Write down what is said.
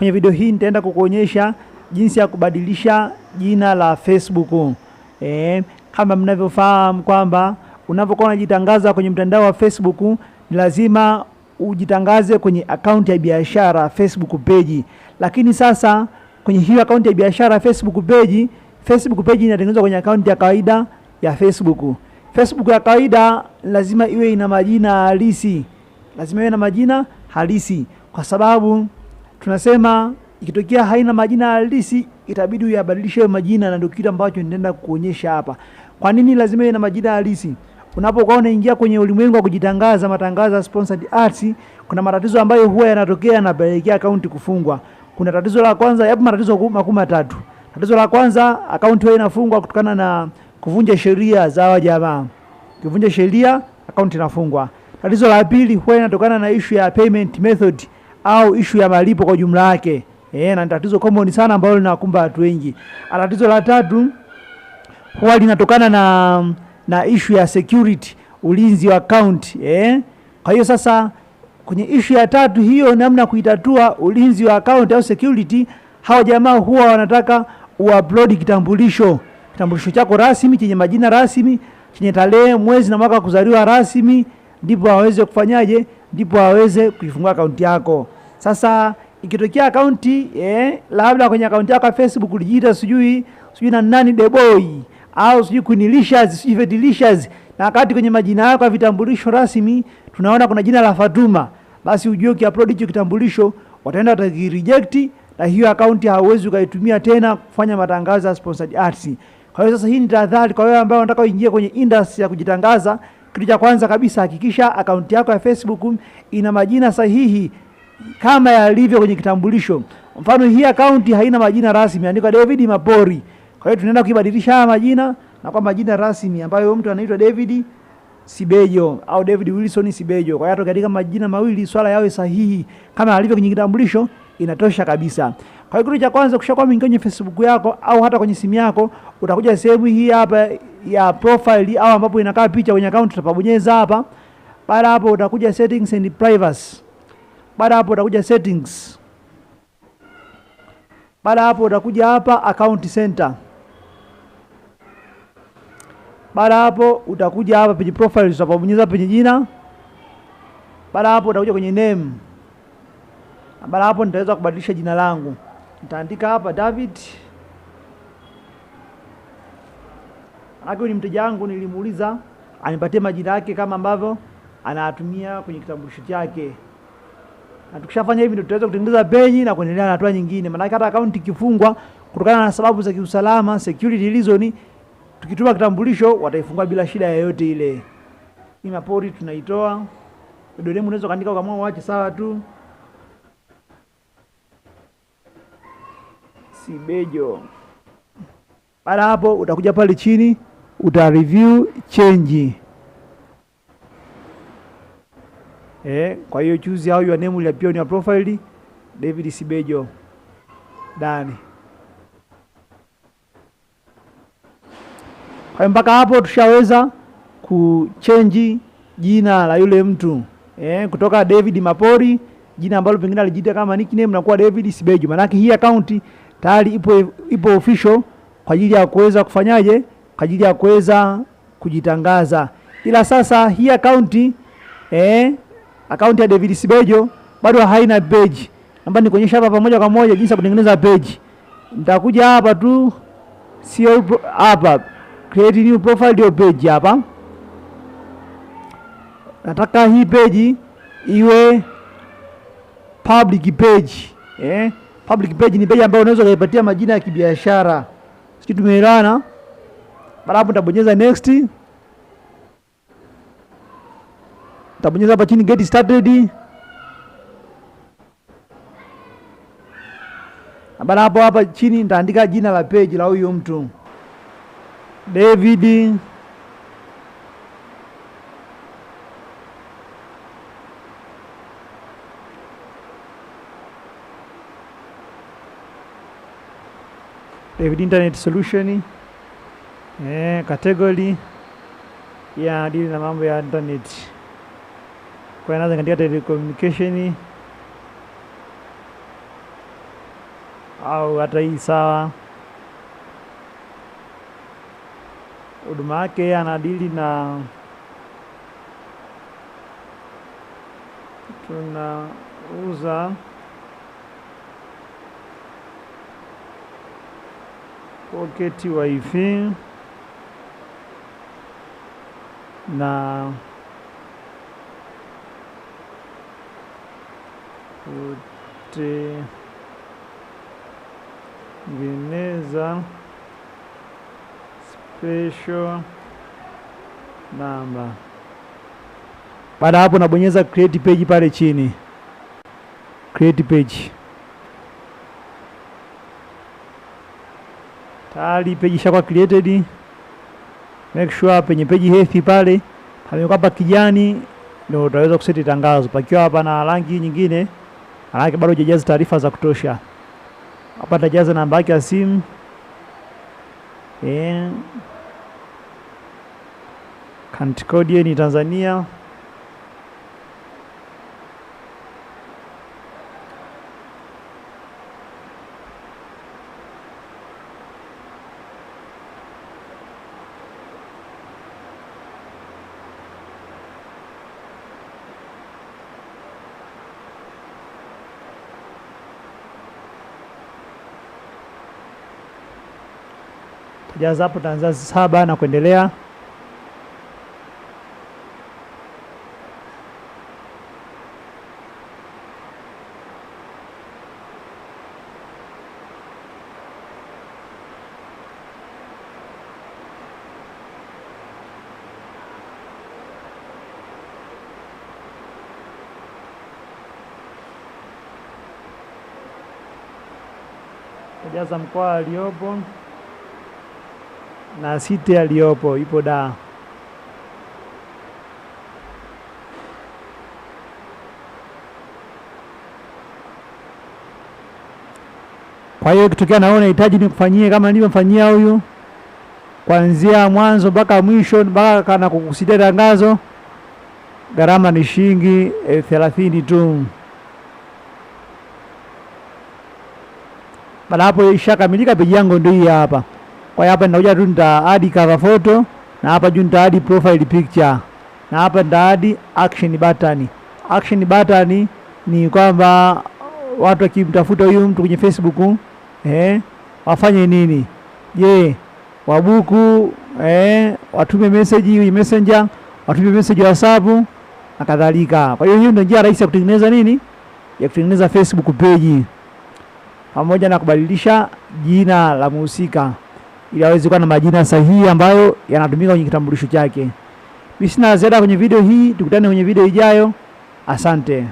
Kwenye video hii nitaenda kukuonyesha jinsi ya kubadilisha jina la Facebook. Eh, kama mnavyofahamu kwamba unapokuwa unajitangaza kwenye mtandao wa Facebook ni lazima ujitangaze kwenye akaunti ya biashara Facebook page. Lakini sasa kwenye hiyo akaunti ya biashara Facebook page, Facebook page inatengenezwa kwenye akaunti ya kawaida ya Facebook. Facebook ya kawaida lazima iwe ina majina halisi, lazima iwe na majina halisi kwa sababu tunasema ikitokea haina majina halisi itabidi uyabadilishe majina, na ndio kitu ambacho nitaenda kuonyesha hapa. Kwa nini lazima iwe na majina halisi? Unapokuwa unaingia kwenye ulimwengu wa kujitangaza, matangazo ya sponsored ads, kuna matatizo ambayo huwa yanatokea yanapelekea akaunti kufungwa. Kuna tatizo la kwanza, yapo matatizo makuu matatu. Tatizo la kwanza, akaunti huwa inafungwa kutokana na kuvunja sheria za hawa jamaa. Kuvunja sheria, akaunti inafungwa. Tatizo la pili huwa inatokana na issue ya payment method au ishu ya malipo kwa jumla yake e, na tatizo common sana ambalo linawakumba watu wengi. Tatizo la tatu huwa linatokana na, na ishu ya security, ulinzi wa account e. Kwa hiyo sasa kwenye ishu ya tatu hiyo, namna kuitatua ulinzi wa account au security, hawa jamaa huwa wanataka uupload kitambulisho kitambulisho chako rasmi chenye majina rasmi chenye tarehe, mwezi na mwaka kuzaliwa rasmi, ndipo waweze kufanyaje ndipo aweze kuifungua akaunti yako. Sasa ikitokea akaunti eh, labda kwenye akaunti yako ya Facebook ulijiita sijui sijui na nani deboy au sijui kunilishers sijui vetilishers, na wakati kwenye majina yako ya vitambulisho rasmi tunaona kuna jina la Fatuma, basi ujue ukiupload hicho kitambulisho wataenda watakireject, na hiyo akaunti hauwezi ukaitumia tena kufanya matangazo ya sponsored ads. Kwa hiyo sasa, hii ni tahadhari kwa wewe ambao unataka uingie kwenye industry ya kujitangaza. Kitu cha kwanza kabisa, hakikisha akaunti yako ya Facebook ina majina sahihi kama yalivyo kwenye kitambulisho. Mfano, hii akaunti haina majina rasmi, imeandikwa David Mapori. Kwa hiyo tunaenda kuibadilisha haya majina na kwa majina rasmi ambayo mtu anaitwa David Sibejo au David Wilson Sibejo. Kwa hiyo katika majina mawili swala yawe sahihi kama alivyo kwenye kitambulisho inatosha kabisa. Kwa hiyo kitu cha kwanza, ukishakuwa mwingia kwenye Facebook yako au hata kwenye simu yako, utakuja sehemu hii hapa ya profile au ambapo inakaa picha kwenye account utapabonyeza hapa. Baada hapo utakuja settings and privacy. Baada hapo utakuja settings. Baada hapo utakuja hapa account center. Baada hapo utakuja hapa penye profile utapabonyeza penye jina. Baada hapo utakuja kwenye name. Baada hapo nitaweza kubadilisha jina langu, nitaandika hapa David Maana huyu ni mteja wangu, nilimuuliza anipatie majina yake kama ambavyo anatumia kwenye kitambulisho chake, na tukishafanya hivi ndio tutaweza kutengeneza peji na kuendelea na hatua nyingine. Maana hata akaunti ikifungwa kutokana na sababu za kiusalama, security reason, tukituma kitambulisho wataifungua bila shida yoyote ile. Mapori tunaitoa dodemu, unaweza kaandika kama waache sawa tu. Sibejo. Baada hapo utakuja pale chini uta review change eh. Kwa hiyo choose how your name will appear on your profile. David Sibejo Dani. Kwa mpaka hapo tushaweza ku change jina la yule mtu eh, kutoka David Mapori jina ambalo pengine alijiita kama nickname na kuwa David Sibejo. Maanake hii akaunti tayari ipo, ipo official kwa ajili ya kuweza kufanyaje kwa ajili ya kuweza kujitangaza. Ila sasa hii akaunti eh, akaunti ya David Sibejo bado haina page. Naomba nikuonyesha hapa pamoja kwa moja jinsi ya kutengeneza page. Nitakuja hapa tu, sio hapa, create new profile, ndio page hapa. Nataka hii page iwe public page eh. Public page ni page ambayo unaweza kuipatia majina ya kibiashara. Sisi tumeelewana? Baada hapo nitabonyeza next, nitabonyeza hapa chini get started. Baada hapo hapa chini nitaandika jina la page la huyu mtu David David Internet Solution eh, category ya dili na mambo ya internet. Kwa hiyo katika telecommunication au hata hii sawa, huduma yake anadili na tunauza pocket wifi na kutengeneza special namba. Baada hapo nabonyeza create page pale chini, create page. Tayari page ishakuwa created make sure penye peji hefi pale pamekuwa kijani, ndio utaweza kuseti tangazo. Pakiwa hapa na rangi nyingine, maanake bado hujajaza taarifa za kutosha. Hapa tajaza namba yake ya simu eh. country code ni Tanzania. jaza hapo utaanzia saba na kuendelea. jaza mkoa aliopo na site aliyopo ipo da Kwa hiyo kitokea nawe unahitaji nikufanyie kama nilivyomfanyia huyu, kuanzia mwanzo mpaka mwisho, mpaka kana kukusitia tangazo, gharama ni shilingi elfu eh, thelathini tu. Baada hapo ishakamilika, peji yangu ndio hii hapa. Kwa hiyo hapa nitakuja tu nita add cover photo na hapa juu nita add profile picture na hapa nita add action button. Action button ni kwamba watu wakimtafuta huyu mtu kwenye Facebook eh, wafanye nini? Je, wabuku eh, watume message kwenye Messenger, watume message WhatsApp na kadhalika. Kwa hiyo hiyo ndio njia rahisi ya kutengeneza nini, ya kutengeneza Facebook page pamoja na kubadilisha jina la mhusika ili aweze kuwa na majina sahihi ambayo yanatumika kwenye kitambulisho chake. Mimi sina ziada kwenye video hii, tukutane kwenye video ijayo. Asante.